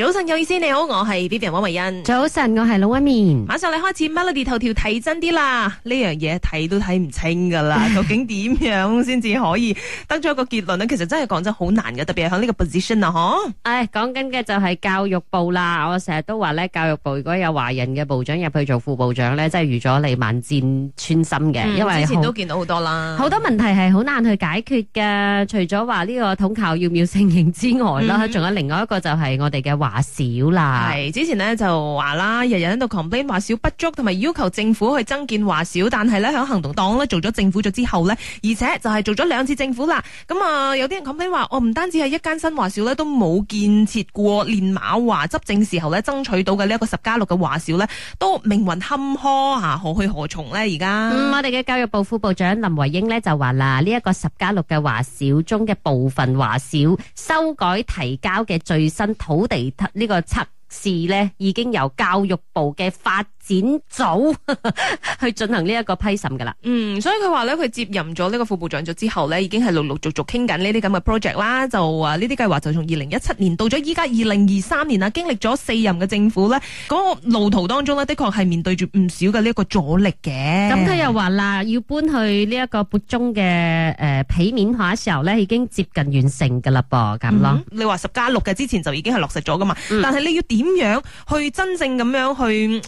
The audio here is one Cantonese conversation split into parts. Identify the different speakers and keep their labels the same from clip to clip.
Speaker 1: 早晨，有意思你好，我係 Vivian 王慧恩。早晨，我係老阿面。晚上你開始 Melody 頭條睇真啲啦。呢樣嘢睇都睇唔清噶啦， 究竟點樣先至可以得出一個結論咧？其實真係講真好難嘅，特別係響呢個 position 啊，嗬、哎。誒，講緊嘅就係
Speaker 2: 教育部啦。我成日都話咧，教育部如果有華人嘅部長入去做副部長咧，真係預咗你萬箭穿心嘅、嗯。因嗯，之前都見到好多啦。好多問題係好難去解決嘅，除咗話呢個統考要唔要承認之外啦，仲、嗯、有另外一個就係我哋嘅華。華小
Speaker 1: 啦，係之前呢，就話啦，日日喺度 complain 華小不足，同埋要求政府去增建華小。但係呢，響行動黨咧做咗政府咗之後呢，而且就係做咗兩次政府啦。咁、嗯、啊有啲人 complain 話，我、哦、唔單止係一間新華小呢都冇建設過。連馬華執政時候呢，爭取到嘅呢一個十加六嘅華小呢都命運坎坷啊，何去何從呢？而家、嗯、我哋嘅教育部副部長林維英呢，就話啦，呢一個十加六嘅
Speaker 2: 華小中嘅部分華小修改提交嘅最新土地，地。呢、這個測試咧，已經由教育部嘅發。剪走
Speaker 1: 去進行呢一個批審噶啦，嗯，所以佢話咧，佢接任咗呢個副部長咗之後呢，已經係陸陸續續傾緊呢啲咁嘅 project 啦，就話呢啲計劃就從二零一七年到咗依家二零二三年啊，經歷咗四任嘅政府呢，嗰、那個路途當中呢，的確係面對住唔少嘅呢個阻力嘅。咁佢
Speaker 2: 又話啦，要搬去呢一個撥中嘅誒、呃、皮面下
Speaker 1: 時候呢，已經接近完成
Speaker 2: 噶啦噃，咁、嗯，
Speaker 1: 你話十加六嘅之前就已經係落實咗噶嘛，嗯、但係你要點樣去真正咁樣去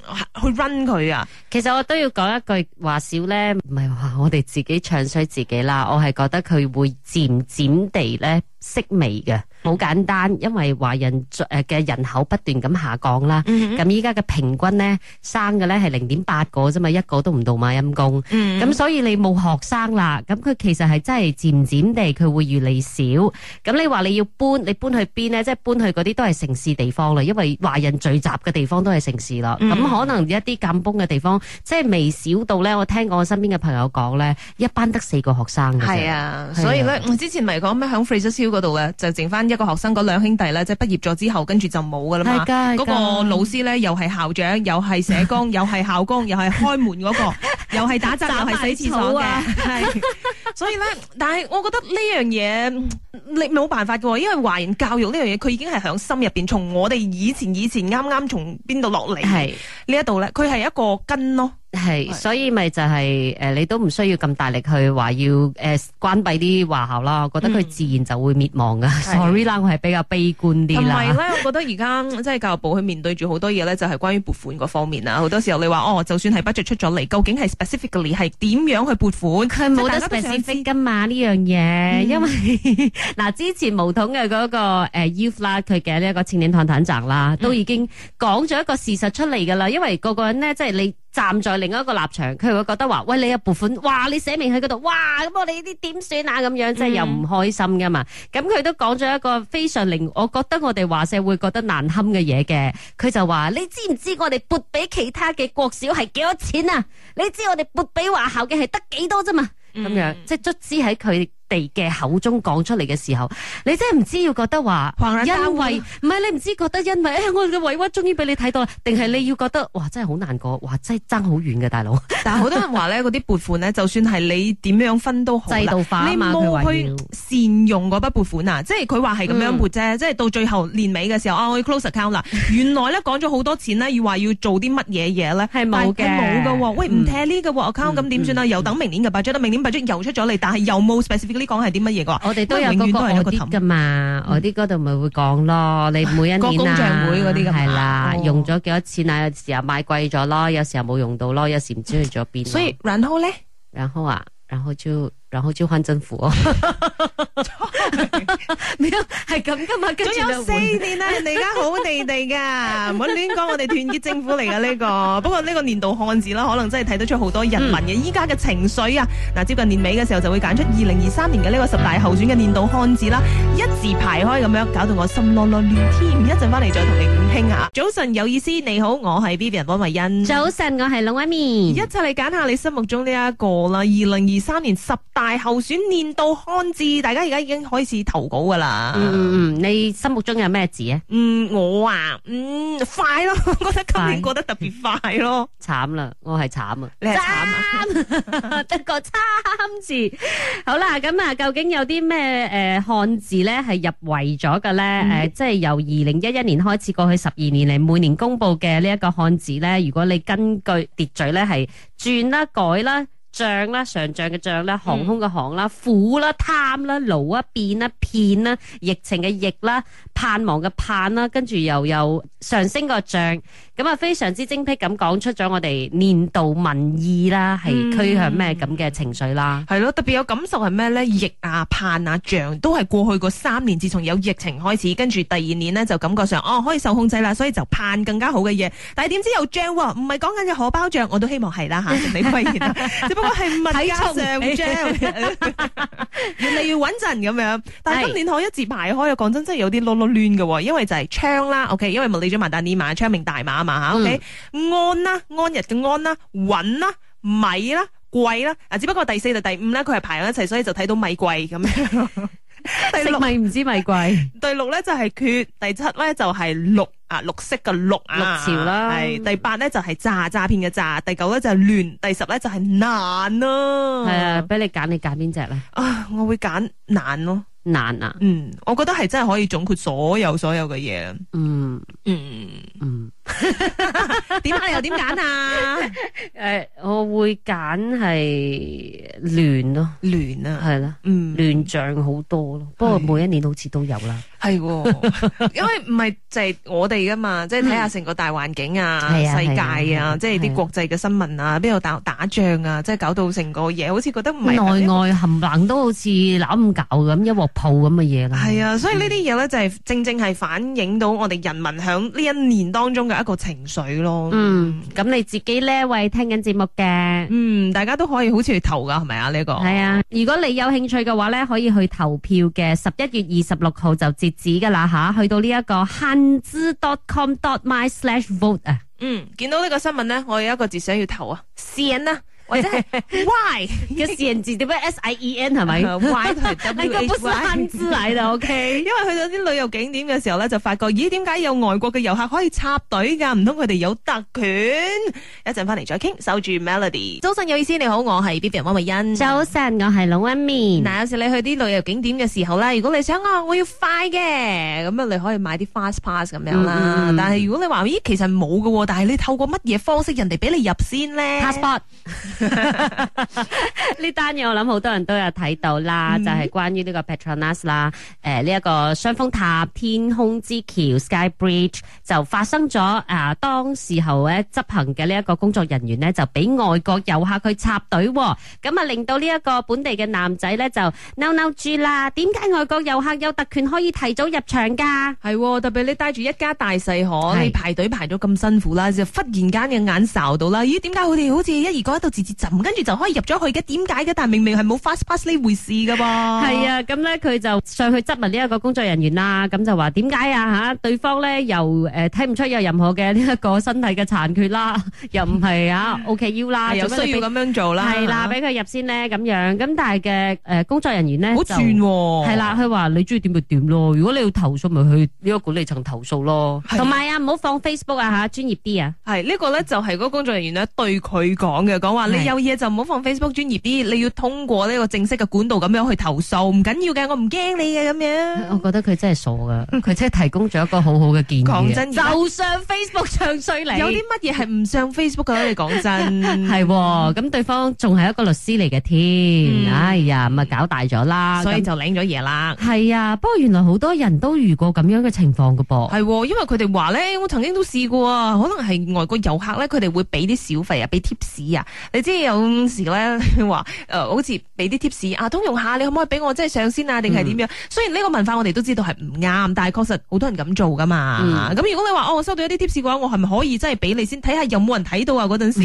Speaker 1: 去？run 佢啊！其實我都
Speaker 2: 要講一句話呢，少咧，唔係話我哋自己唱衰自己啦，我係覺得佢會漸漸地咧息微嘅。好簡單，因為華人誒嘅人口不斷咁下降啦。咁依家嘅平均咧生嘅咧係零點八個啫嘛，一個都唔到嘛陰公。咁、mm-hmm. 所以你冇學生啦。咁佢其實係真係漸漸地佢會越嚟少。咁你話你要搬，你搬去邊咧？即、就、係、是、搬去嗰啲都係城市地方啦。因為華人聚集嘅地方都係城市啦。咁、mm-hmm. 可能一啲咁崩嘅地方，即係未少到咧。我聽過我身邊嘅朋友講咧，一班得四個學生啊。係啊，所以咧我、
Speaker 1: 啊嗯、之前咪講咩響 Fraser Hill 嗰度嘅就剩翻。一個學生嗰兩兄弟咧，即係畢業咗之後，跟住就冇噶啦嘛。嗰、嗰個老師咧，又係校長，又係社工， 又係校工，又係開門嗰、嗰個， 又係打雜， 又係洗廁所嘅。係， 所以咧，但係我覺得呢樣嘢， 你冇辦法噶，因為華人教育呢樣嘢，佢已經係響心入邊，從我哋以前以前啱啱從邊度落嚟呢一度咧，佢係一個根咯。係，
Speaker 2: 所以咪就係、是、誒，你都唔需要咁大力去要、呃、話要誒關閉啲華校啦。我覺得佢自然就會滅亡噶。嗯、 Sorry 啦，我係比較悲觀啲啦。同埋咧，我
Speaker 1: 覺得而家即係教育部佢面對住好多嘢咧，就係關於撥款嗰方面啦。好多時候你話哦，就算係 budget 出咗嚟，究竟係 specifically 係點樣去撥款？佢冇得 specific
Speaker 2: 嘛呢、嗯、樣嘢？因為嗱、嗯 啊，之前巫統嘅嗰、那個誒、uh, Youth 啦，佢嘅呢一個青年探壇集啦，都已經講咗一個事實出嚟噶啦。因為個個人咧，即係你。站在另外一個立場，佢會覺得話：喂，你撥款，哇，你寫明喺嗰度，哇，咁我哋呢啲點算啊？咁樣即係又唔開心噶嘛。咁、mm-hmm. 佢都講咗一個非常令我覺得我哋華社會覺得難堪嘅嘢嘅，佢就話：你知唔知我哋撥俾其他嘅國小係幾多錢啊？你知我哋撥俾華校嘅係得幾多啫嘛？咁樣即係卒之喺佢哋嘅口中講出嚟嘅時候，你真係唔知要覺得話，因為唔係你唔知覺得因
Speaker 1: 為，我哋嘅委屈終於俾你睇到啦，定係你要覺得，哇，真係好
Speaker 2: 難過，哇，真係爭好遠嘅大佬。
Speaker 1: 但係好多人話呢，嗰 啲撥款呢，就算係你點樣分都好制度化啊嘛，你冇去善用嗰筆撥款啊，即係佢話係咁樣撥啫、嗯，即係到最後年尾嘅時候啊，我要 close account 啦。原來呢，講咗好多錢要話要呢，要話要做啲乜嘢嘢呢？係冇嘅，冇嘅。喂，唔 tally、嗯、呢個 account 咁點算啊？又、嗯嗯、等明年嘅 budget 明年 budget 又出咗嚟，但係又冇 specific 啲講係啲乜嘢噶？我哋都有嗰個我啲噶嘛，我啲嗰度咪會講咯。你每一年啊，公證會嗰啲係啦，
Speaker 2: 用咗幾多錢啊？有時候買貴咗咯，有時候冇用到咯，有時唔知去咗邊。所以然後咧，然後啊，然後就。然後就換政府，
Speaker 1: 你係咁噶嘛？仲有四年啦， 人哋而家好地地噶，唔好亂講。我哋團結政府嚟噶呢個，不過呢個年度漢字啦，可能真係睇得出好多人民嘅依家嘅情緒啊！嗱、嗯，接近年尾嘅時候就會揀出二零二三年嘅呢個十大候選嘅年度漢字啦，一字排開咁樣，搞到我心囉囉亂添。一陣翻嚟再同你傾下。早晨有意思，你好，我係 Vivian 溫慧欣。早晨，我係龍媽咪。一齊嚟揀下你心目中呢一個啦，二零二三年十大。大候選年度漢字，大家而家已經開始投稿噶啦。嗯嗯嗯，你心目中有咩字啊？嗯，我啊，嗯快咯，我覺得今
Speaker 2: 年過得特別快咯。慘啦，我係慘啊，你係慘啊，得個慘字。 好啦，咁啊，究竟有啲咩誒漢字咧係入圍咗嘅咧？誒、嗯呃，即係由二零一一年開始過去十二年嚟，每年公布嘅呢一個漢字咧，如果你根據秩序咧係轉啦改啦。漲啦，上漲嘅漲啦，航空嘅航啦，苦啦，貪啦，勞啊，變啦，騙啦，疫情嘅疫啦，盼望嘅盼啦，跟住又有上升個漲，咁啊非常之精辟咁講出咗我哋年度民
Speaker 1: 意啦，係趨向咩咁嘅情緒啦，係、嗯、咯，特別有感受係咩咧？疫啊，盼啊，漲都係過去個三年，自從有疫情開始，跟住第二年呢，就感覺上哦可以受控制啦，所以就盼更加好嘅嘢，但係點知又漲喎，唔係講緊隻荷包漲，我都希望係啦吓、啊，你雖然、啊， 我係物價上漲， 原來要穩陣咁樣。但係今年可以一字排開啊！講真，真係有啲攞攞攣嘅，因為就係昌啦。OK，因為物李咗馬達尼馬昌明大馬啊嘛吓。OK，、嗯、安啦，安日嘅安啦，穩啦，米啦，貴啦。啊，只不過第四就第五咧，佢係排喺一齊，所以就睇到米貴咁樣。嗯第六咪唔知咪貴，第六咧，就係、是、缺，第七咧，就係、是、綠啊，綠色嘅綠綠潮啦，係第八咧，就係、是、詐，詐騙嘅詐，第九咧，就係、是、亂，第十咧，就係、是、難咯。係啊，俾你揀，你揀邊隻咧？啊，我會揀難咯、啊。難啊，嗯，我覺得係真係可以總括所有所有嘅嘢啦，嗯嗯嗯嗯，
Speaker 2: 點 樣啊？ 你又點揀啊？誒、 呃，我會揀係亂咯，亂啊，係啦、啊，亂象好多咯，不過每一年好似都有啦。
Speaker 1: 係，因為唔係就係我哋噶嘛，即係睇下成個大環境啊、嗯，世界啊，即係啲國際嘅新聞啊，邊度打打仗啊，即係搞到成個嘢，好似覺得唔係內外冚唪唥都好似諗唔搞咁一鑊泡咁嘅嘢啦。係啊，所以呢啲嘢咧就係正正係反映到我哋人民響呢一年當中嘅一個情緒咯。嗯，咁你自己呢位聽緊節目嘅，嗯，大家都可以好似去投噶，係咪啊？呢、這個係啊，如果你有興趣嘅話咧，可以去
Speaker 2: 投票嘅十一月二十六號就接。指噶啦吓，去到呢一個漢字 dot
Speaker 1: com dot my slash vote 啊。嗯，見到呢個新聞咧，我有一個字想要投啊，善啊。或者 Y 嘅四人字點樣 S I E N 係是咪吧 Y 係 W H Y 應該不是三字嚟啦，OK？因為去到啲旅遊景點嘅時候咧，就發覺咦，點解有外國嘅遊客可以插隊噶、啊？唔通佢哋有特權？一陣翻嚟再傾，守住 Melody。早晨，有意思你好，我係 B B M 温慧欣。早晨，我係老 m y 嗱，但有時候你去啲旅遊景點嘅時候咧，如果你想我、啊、我要快嘅，咁啊你可以買啲 Fast Pass 咁樣啦。嗯嗯但係如果你話咦，其實冇噶，但係你透過乜嘢方式人哋俾你入先咧？Passport
Speaker 2: 呢單嘢，我諗好多人都有睇到啦，就係關於呢個 Petronas 啦，誒，呢一個雙峰塔天空之橋 Sky Bridge 就發生咗啊，當時候咧執行嘅呢一個工作人員咧就俾外國遊客去插隊，咁啊令到呢一個本地嘅男仔咧就嬲嬲住啦，
Speaker 1: 點解外國遊客有特權可以提早入場噶？係，特別你帶住一家大細可，你排隊排到咁辛苦啦，就忽然間嘅眼睄到啦，咦？點解佢哋好似一二個喺度自浸跟住就可以入咗去嘅，點解嘅？但係明明係冇 fast pass 呢回事嘅噃。係啊，咁
Speaker 2: 咧佢就上去質問呢一個工作人員啦，咁就話點解啊吓？對方咧又誒睇唔出有任何嘅呢一個身體嘅殘缺啦，又唔係啊 OKU 啦，有需要咁樣做啦，係啦，俾佢入先咧咁樣。咁但係嘅誒工作人員咧，好串喎，係啦，佢話你中意點咪點咯，如果你要投訴咪去呢個管理層投訴咯，同埋
Speaker 1: 啊唔好放 Facebook 啊吓，專業啲啊。係呢個咧就係嗰個工作人員咧對佢講嘅，講話。你有嘢就唔好放 Facebook 專業啲，你要通過呢個正式嘅管道咁樣去投訴，唔緊要嘅，我唔驚你嘅咁樣。我
Speaker 2: 覺得佢真係傻噶，佢 真係提供咗一個好好嘅建議。講真，就
Speaker 1: 上 Facebook 唱衰嚟。 有啲乜嘢係唔上 Facebook 嘅？你講真，
Speaker 2: 係喎，咁 對方仲係一個律師嚟嘅添，哎呀，咪搞大咗啦，所以就領咗
Speaker 1: 嘢啦。係啊，不過原來好多人都遇過咁樣嘅情況㗎噃。係喎，因為佢哋話咧，我曾經都試過，可能係外國遊客咧，佢哋會俾啲小費啊，俾貼士啊。即係有時咧話誒，好似俾啲貼士啊，通融下，你可唔可以俾我即係上先啊？定係點樣、嗯？雖然呢個文化我哋都知道係唔啱，但係確實好多人咁做噶嘛。咁、嗯、如果你話哦，我收到一啲貼士嘅話，我係咪可以真係俾你先睇下，有冇人睇到啊？嗰陣時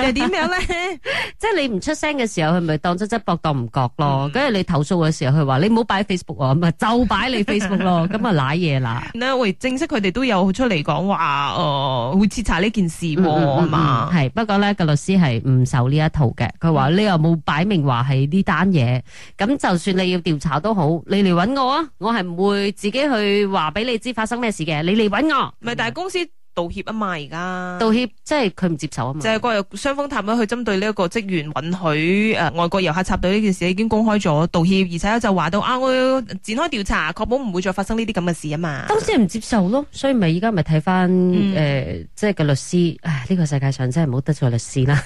Speaker 1: 係點樣
Speaker 2: 咧？即係你唔出聲嘅時候，佢 咪 當側側膊當唔覺咯。跟、嗯、住你投訴嘅時候，佢話你唔好擺 Facebook 喎，咁啊就擺你 Facebook 咯。咁啊賴嘢啦。
Speaker 1: 喂，正式佢哋都有出嚟講話誒，會徹查呢件事喎，係、嗯、嘛、嗯嗯嗯嗯？不過咧，個律師係唔。
Speaker 2: 就呢一套嘅，佢話你又冇擺明話係呢單嘢，咁就算你要調查都好，你嚟揾我啊，我係唔會自己去話俾你知發生咩事嘅，你嚟揾我。唔係，但
Speaker 1: 係公司。 道歉啊嘛，而家道歉，即係佢唔接受啊嘛，即係日雙峰塔咧，佢針對呢一個職員允許誒、呃、外國遊客插隊呢件事已經公開咗道歉，而且就話到啊，我要展開調查，確保唔會再發生呢啲咁嘅事啊嘛。當時唔接受咯，所以咪而家咪睇
Speaker 2: 翻誒，即係個律師呢、呢個世界上真係唔好得罪律師啦。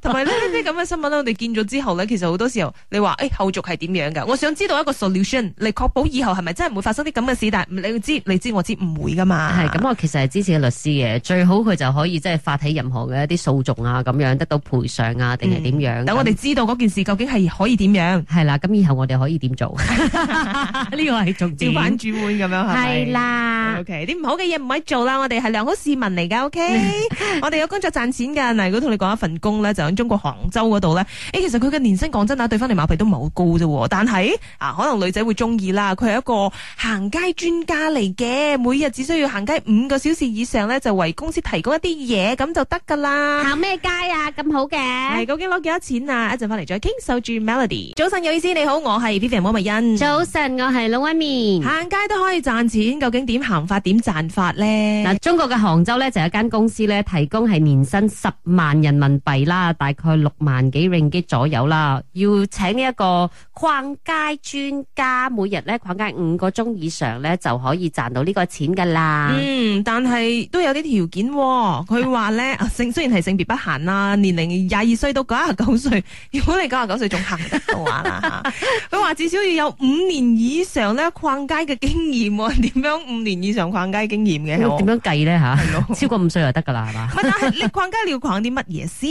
Speaker 1: 同埋呢啲咁嘅新聞我哋見咗之後咧，其實好多時候你話誒、哎、後續係點樣噶？我想知道一個 solution 嚟確保以後係咪真係唔會發生啲咁嘅事，但係你要知你知我知唔會噶嘛？
Speaker 2: 係咁我。其實係支持嘅律師嘅，最好佢就可以即係發起任何嘅一啲訴訟啊，咁樣得到賠償啊，定係點樣？等、嗯、我哋知道嗰件事究竟係可以點樣？係啦，咁以後我哋可以
Speaker 1: 點做？呢個係重點，照板煮碗咁樣係啦，OK，啲唔好嘅嘢唔可以做啦，我哋係良好市民嚟噶，OK， 我哋有工作賺錢噶。嗱，如果同你講一份工咧，就喺中國杭州嗰度咧，誒，其實佢嘅年薪講真啊，對翻嚟馬屁都唔係好高啫，但係啊，可能女仔會中意啦。佢係一個行街專家嚟嘅，每日只需要行街五一個小時以上咧，就為公司提供一啲嘢，咁就得噶啦。行咩街啊？咁好嘅。係 究竟攞幾多錢啊？一陣翻嚟再傾。守住 Melody。早晨，有意思，你好，我係 Vivian 溫密欣。早晨，我係老 Amy。行街都可以賺錢，究竟點行法？點賺法
Speaker 2: 咧？嗱，中國嘅杭州咧就有一間公司咧，提供係年薪十萬人民幣啦，大概六萬幾令吉左右啦。要請呢一個逛街專家，每日咧逛街五個鐘以上咧就可以賺到呢個錢噶啦。嗯。
Speaker 1: 但係都有啲條件，佢話咧性雖然係性別不限啦，年齡廿二歲到九十九歲，如果你九十九歲仲行得嘅話啦，佢話至少要有五年以上咧逛街嘅經驗，點樣五年以上逛街經驗嘅？點樣
Speaker 2: 計咧吓？超過五歲就得噶啦，係嘛？但
Speaker 1: 係你逛街你要逛啲乜嘢先？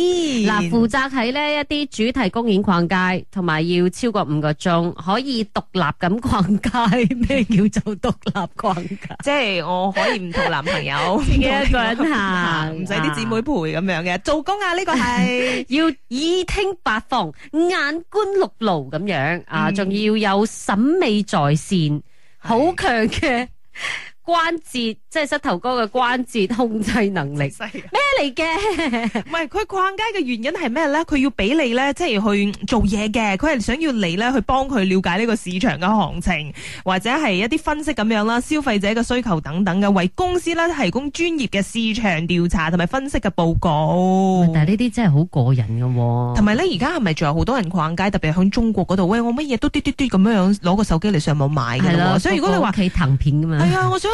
Speaker 2: 嗱，負責喺呢一啲主題公園逛街，同埋要超過五個鐘，可以
Speaker 1: 獨立咁逛街。咩叫做獨立逛街？即係我可以唔獨立。 朋友自己一個人行，唔使啲姊妹陪咁、啊、樣嘅，做工啊呢、這個係
Speaker 2: 要耳聽八方、眼觀六路咁樣啊，仲、嗯、要有審美在線，好強嘅。 關節即係膝
Speaker 1: 頭哥嘅關節控制能力咩嚟嘅？唔係佢逛街嘅原因係咩咧？佢要俾你咧，即係去做嘢嘅。佢係想要你咧去幫佢了解呢個市場嘅行情，或者係一啲分析咁樣啦，消費者嘅需求等等嘅，為公司咧提供專業嘅市場調查同埋分析嘅報告。但係呢啲真係好過癮嘅，同埋咧而家係咪仲有好多人逛街？特別響中國嗰度，喂，我乜嘢都嘟嘟嘟咁樣樣，攞個手機嚟上網買嘅咯。所以如果你話，係啊，我想。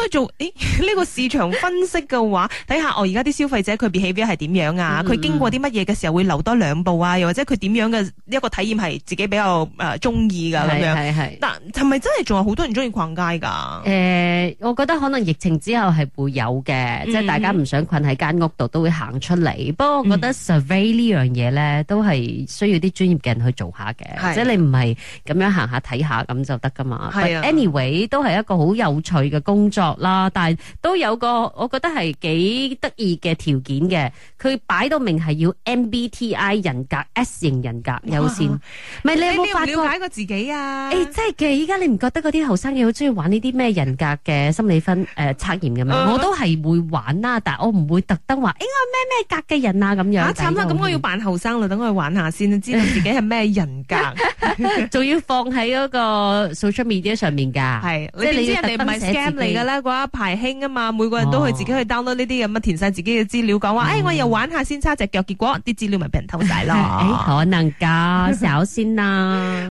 Speaker 1: 做誒呢、這個市場分析嘅話，睇下哦而家啲消費者佢嘅 behavior 係點樣啊？佢、嗯、經過啲乜嘢嘅時候會留多兩步啊？又或者佢點樣嘅一個體驗係自己比較誒中意噶咁樣？係係，但係咪真係仲有好多人中意逛街噶？誒、
Speaker 2: 呃，我覺得可能疫情之後係會有嘅、嗯，即係大家唔想困喺間屋度，都會行出嚟。不、嗯、過我覺得 survey、嗯、這件事呢樣嘢咧，都係需要啲專業嘅人去做下嘅，即係你唔係咁樣行下睇下咁就得噶嘛。係，anyway 都係一個好有趣嘅工作。啦，但係都有個，我覺得係幾得意嘅條件嘅。佢擺到明係要 MBTI 人格 S 型人格優先。唔係你有冇了，了解
Speaker 1: 過自己啊？誒、欸，
Speaker 2: 真係嘅，依家你唔覺得嗰啲後生嘅好中意玩呢啲咩人格嘅心理分誒測驗嘅咩？我都係
Speaker 1: 會玩啦，但係我唔會特登話誒我咩咩格嘅人啊咁樣。慘、啊、啦，咁我，我要扮後生啦，等我去玩一下先，知道自己係咩人格，仲 要放喺嗰個 social media 上面噶，係即係你唔係 s 噶啦。排輕啊嘛，每個人都去自己去 download 呢啲咁嘅，填晒自己嘅資料，講話，哎、欸，我又玩下先差隻腳，結果啲資料咪俾人偷晒咯、 欸，
Speaker 2: 可能噶，小心啦。